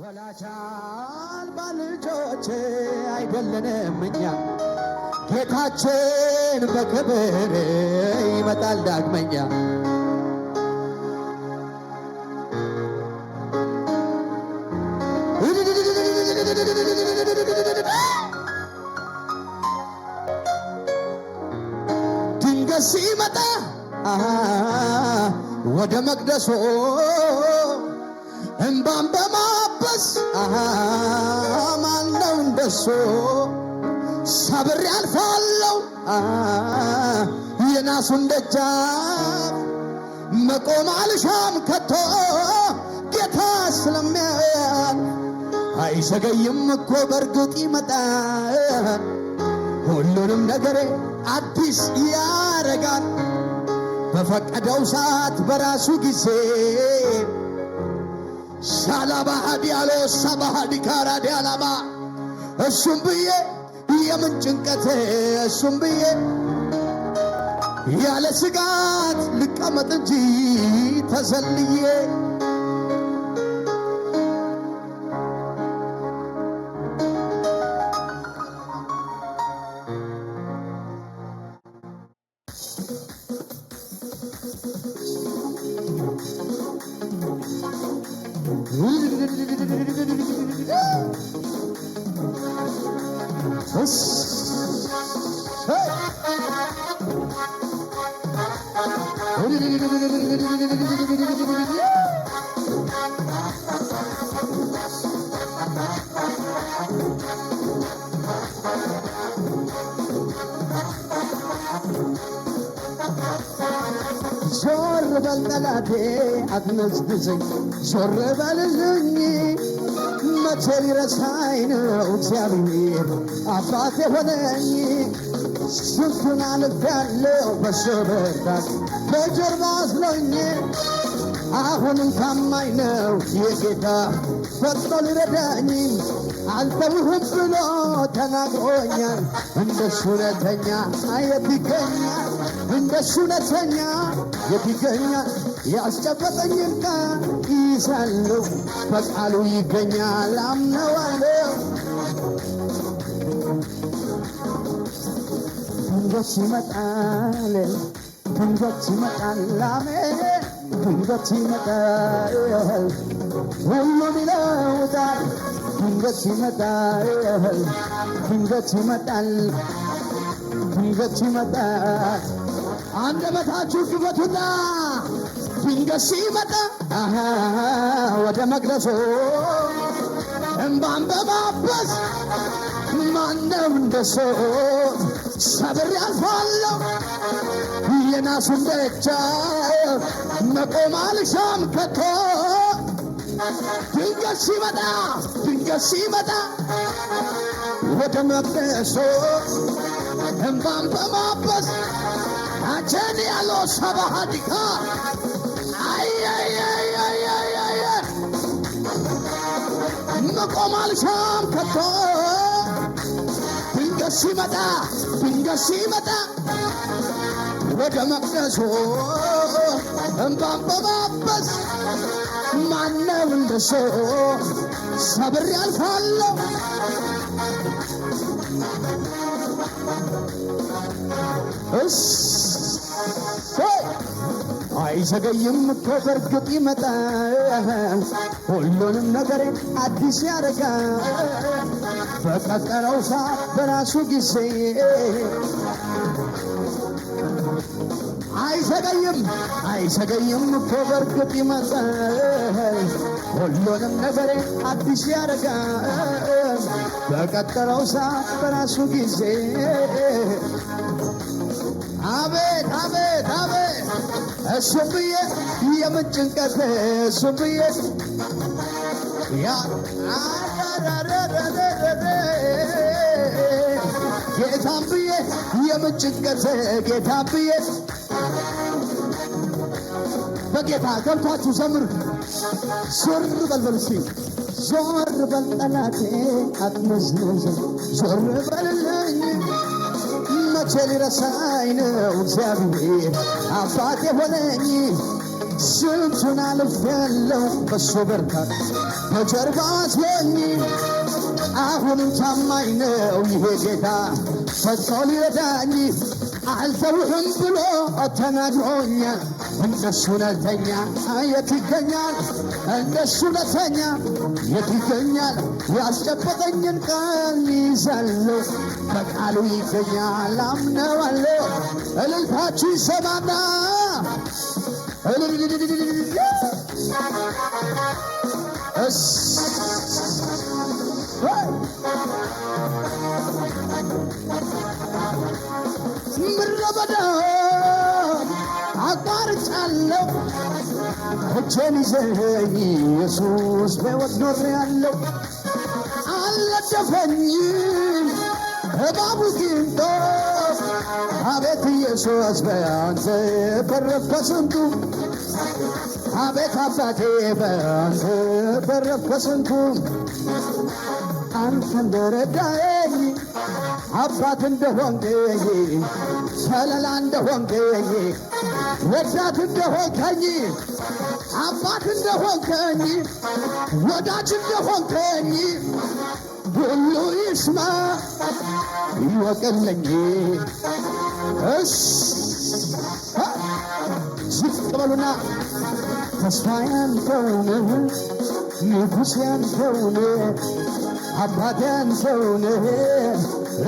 ወላጅ አልባ ልጆች አይደለንም እኛ፣ ጌታችን በክብር ይመጣል ዳግመኛ። ድንገት ሲመጣ ወደ መቅደሱ እንባን በማበስ ማለው እንደሱ ሰብር አልፋለው የናሱን ደጃፍ መቆም አልሻም ከቶ ጌታ ስለሚያያን አይዘገይም እኮ በእርግጥ ይመጣል። ሁሉንም ነገሬ አዲስ ያረጋል በፈቀደው ሰዓት በራሱ ጊዜ ሻላባሃዲ ያለ ሳባሃዲ እሱም ብዬ የምን ጭንቀት እሱም ብዬ ያለ ስጋት ልቀመጥ እንጂ ተዘልዬ Hız. Hey. ዞር በል መላቴ አትመዝግዘኝ ዞር በል ዙኝ መቶ ሊረሳኝ ነው እግዚአብሔር አባት የሆነኝ። ስንቱን አልፌያለሁ በሰው ብርታት በጀርባ አዝሎኝ፣ አሁንም ታማኝ ነው የጌታ ፈጥኖ ሊረዳኝ። አልተውህም ብሎ ተናግሮኛል። እንደሱ እውነተኛ የት ይገኛል? እንደሱ እውነተኛ የት ይገኛል? ያስጨበጠኝን ቃል ይዛለሁ፣ በቃሉ ይገኛል አምነዋለሁ። ድንገት ይመጣል፣ ድንገት ይመጣል፣ ላሜ ድንገት ይመጣል፣ ሁሉም ይለውጣል። ድንገት ይመጣል፣ ድንገት ይመጣል፣ ድንገት ይመጣል። አንደበታችሁ ክፈቱና ድንገት ሲመጣ ወደ መቅደሱ እምባን በማበስ ማነው እንደሱ? ሰብሬ አልፋለሁ የናሱን ደጃፍ መቆም አልሻም ከቶ ድንገት ሲመጣ ድንገት ሲመጣ ወደ መቅደሱ እምባን በማበስ አቸን ያለው ሰባሃዲካ መቆም አልሻም ከቶ ድንገት ሲመጣ ድንገት ሲመጣ ወደ መቅደሱ እንባን በማበስ ማነው እንደሱ ሰብሬ አልፋለሁ እስ አይዘገይም እኮ በርግጥ ይመጣል። ሁሉንም ነገር አዲስ ያደርጋል። በቀጠረው ሰዓት በራሱ ጊዜ አይዘገይም አይዘገይም እኮ በርግጥ ይመጣል። ሁሉንም ነገር አዲስ ያደርጋል። በቀጠረው ሰዓት በራሱ ጊዜ አቤት አቤት አቤት እሱም ብዬ የምን ጭንቀት እሱም ብዬ ጌታም ብዬ የምን ጭንቀት ጌታም ብዬ በጌታ ገብታችሁ ዘምር። ዞር በልበል ዞር በል ጠላቴ አትመዝንዘ ዞር በል መቼ ሊረሳኝ ነው እግዚአብሔር አባት የሆነኝ ስንቱን አልፌያለሁ በሱ ብርታት በጀርባ አስቦኝ አሁንም ታማኝ ነው ይሄ ጌታ ፈጽሞ ሊረዳኝ አልተውህም ብሎ ተናግሮኛል። እንደሱ እውነተኛ የት ይገኛል? እንደሱ እውነተኛ የት ይገኛል? ያስጨበጠኝን ቃል ይዛለሁ፣ በቃሉ ይገኛል አምነዋለሁ። እልልታችሁ ይሰማና ምድረ አቋርጫለሁ እጄን ይዘኝ ኢየሱስ በወድ ኖር አልነደፈኝም እባቡ ጊንጦ አቤት ኢየሱስ በአንተ በረፈ ስንቱ አቤት አባቴ በአንተ በረፈ ስንቱ አንተ እንደረዳኝ አባት እንደሆንከኝ ሰለላ እንደሆንከኝ ወዳት እንደሆንከኝ አባት እንደሆንከኝ ወዳጅ እንደሆንከኝ ሁሉ ይስማ ይወቅልኝ። እስ ዝቅ በሉና ተስፋ ያንተው ንጉሥ ያንተው አባት ያንተው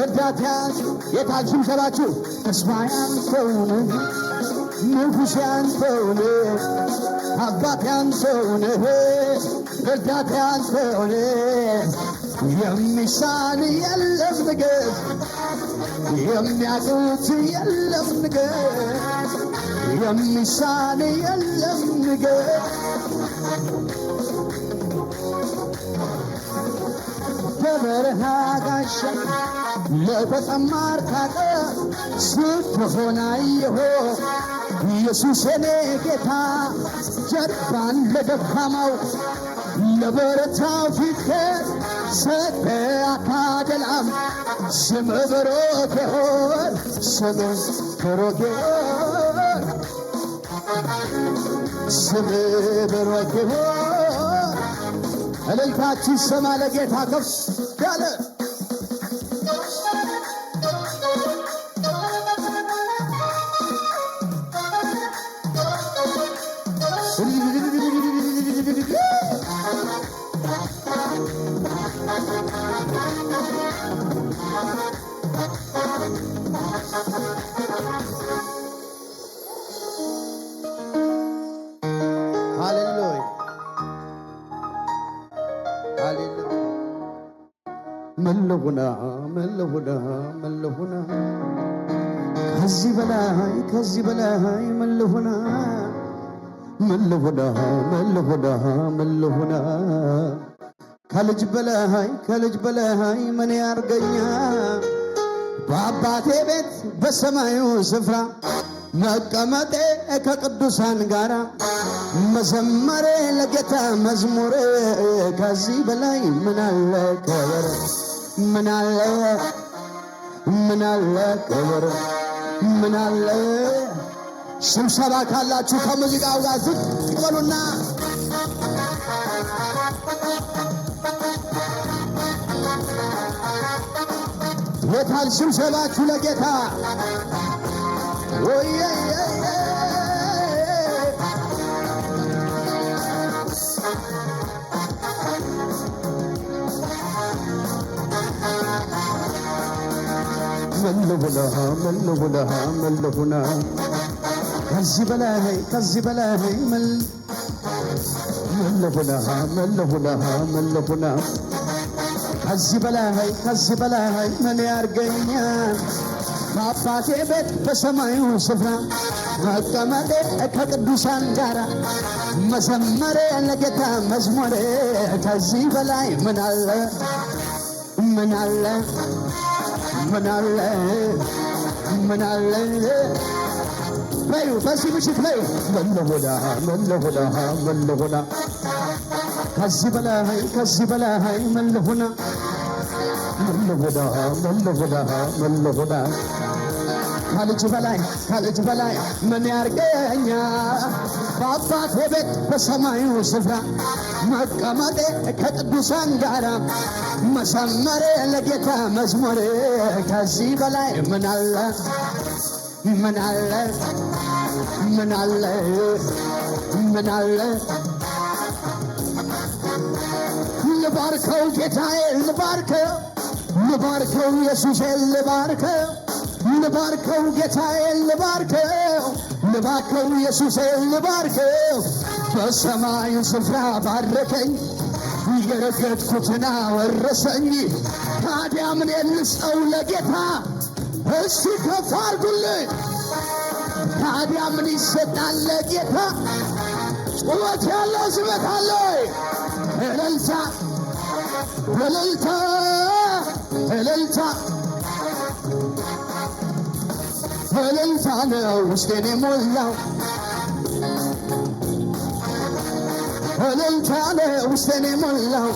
ረዳት ያንተው ጌታ ሽምሰላችሁ ተስፋ ያንተው ንጉሴ አንተው ነህ፣ አባቴ አንተው ነህ፣ ረዳቴ አንተው ነህ። የሚሳን የለም ነገር የሚያጡት የለም ነገር የሚሳን የለም ነገር በበረሃ ጋሻ ለተጠማር ካቀ ስንት ሆና ኢየሱስ የኔ ጌታ ጀርባን ለደካማው ለበረታ ፊት ሰጠ አታደላም። ስም በሮጌ ሆን ስም በሮጌ ስም በሮጌ ሆን እልልታችሁ ሰማ ለጌታ ከፍ ያለ መለሆና መለሆና መለሆና ከዚህ በላይ ከዚህ በላይ መለሆና መለሆና መለሆና መለሆና ከልጅ በላይ ከልጅ በላይ ምን ያርገኛ በአባቴ ቤት በሰማዩ ስፍራ መቀመጤ ከቅዱሳን ጋራ መዘመሬ ለጌታ መዝሙሬ ከዚህ በላይ ምናለ ክብር ምናለ ምናለ ክብር ምናለ ስብሰባ ካላችሁ ከሙዚቃው ጋር ዝቅ በሉና ይዞታል ሽምሸላችሁ ለጌታ ወየ መለሁነሃ መለሁነሃ መለሁና ከዚህ በላይ ከዚህ በላይ መለሁነሃ መለሁነሃ መለሁና ከዚህ በላይ ከዚህ በላይ ምን ያርገኛል? በአባቴ ቤት በሰማዩ ስፍራ መቀመጤ ከቅዱሳን ጋራ መዘመሬ ለጌታ መዝሙሬ ከዚህ በላይ ምን አለ? ምን አለ? ምን አለ? ምን አለ? በዩ በዚህ ምሽት በዩ መለሆዳ መለሆዳ መለሆዳ ከዚህ በላይ ከዚህ በላይ ምን ልሁን ምን ልሁዳ ከልጅ በላይ ከልጅ በላይ ምን ያርገኛ በአባቴ ቤት በሰማዩ ስፍራ መቀመጤ ከቅዱሳን ጋራ መሰመሬ ለጌታ መዝሙሬ ከዚህ በላይ ምን አለ ምን አለ ምን አለ ምን አለ ልባርከው ጌታዬ ልባርከው ልባርከው ኢየሱሴ ልባርከው ልባርከው ጌታዬ ልባርከው ልባርከው ኢየሱሴ ልባርከው በሰማዩ ስፍራ ባረከኝ የረገጥኩትና ወረሰኝ ታዲያ ምን የልስጠው ለጌታ እስቲ ከፍ አድርጉልኝ ታዲያ ምን ይሰጣል ለጌታ ጩኸት ያለው ስበት አለ እልልታ እልልታ እልልታ እልልታ ነው ውስጤን የሞላው እልልታ ነው ውስጤን የሞላው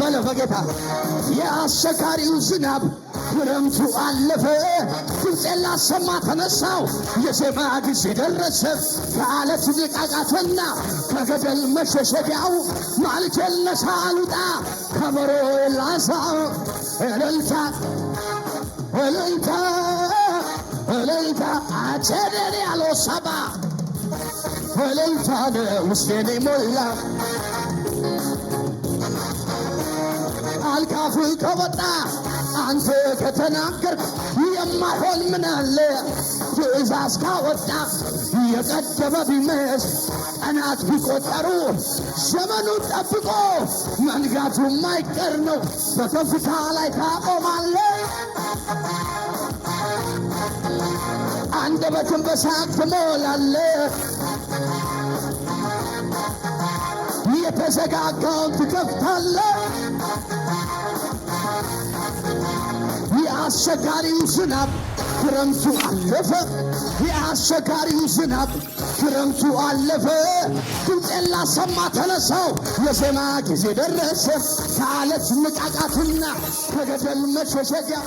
በለው በጌታ የአሰካሪው ዝናብ ክረምቱ አለፈ፣ ድምፄን ላሰማ ተነሳው። የዜማ ጊዜ ደረሰ። ከአለት ሊቃቃተና ከገደል መሸሸቢያው ማልቼል ነሳ አልውጣ ከበሮ ላሳ እልልታ እልልታ እልልታ አቸደን ያለው ሰባ እልልታ ውስጤን ሞላ አልቃፉ ከወጣ አንተ ከተናገር የማይሆን ምን አለ? ትእዛዝ ካወጣ የቀደመ ቢመስ ቀናት ቢቆጠሩ ዘመኑን ጠብቆ መንጋቱ የማይቀር ነው። በከፍታ ላይ ታቆማለ። አንደበትን በሳቅ ትሞላለ። የተዘጋጋውን ትከፍታለ። የአስቸጋሪው ዝናብ ክረምቱ አለፈ። የአስቸጋሪው ዝናብ ክረምቱ አለፈ። ድምፄን ላሰማ ተነሳው የዜማ ጊዜ ደረሰ። ከአለት ንቃቃትና ከገደል መሸሸጊያ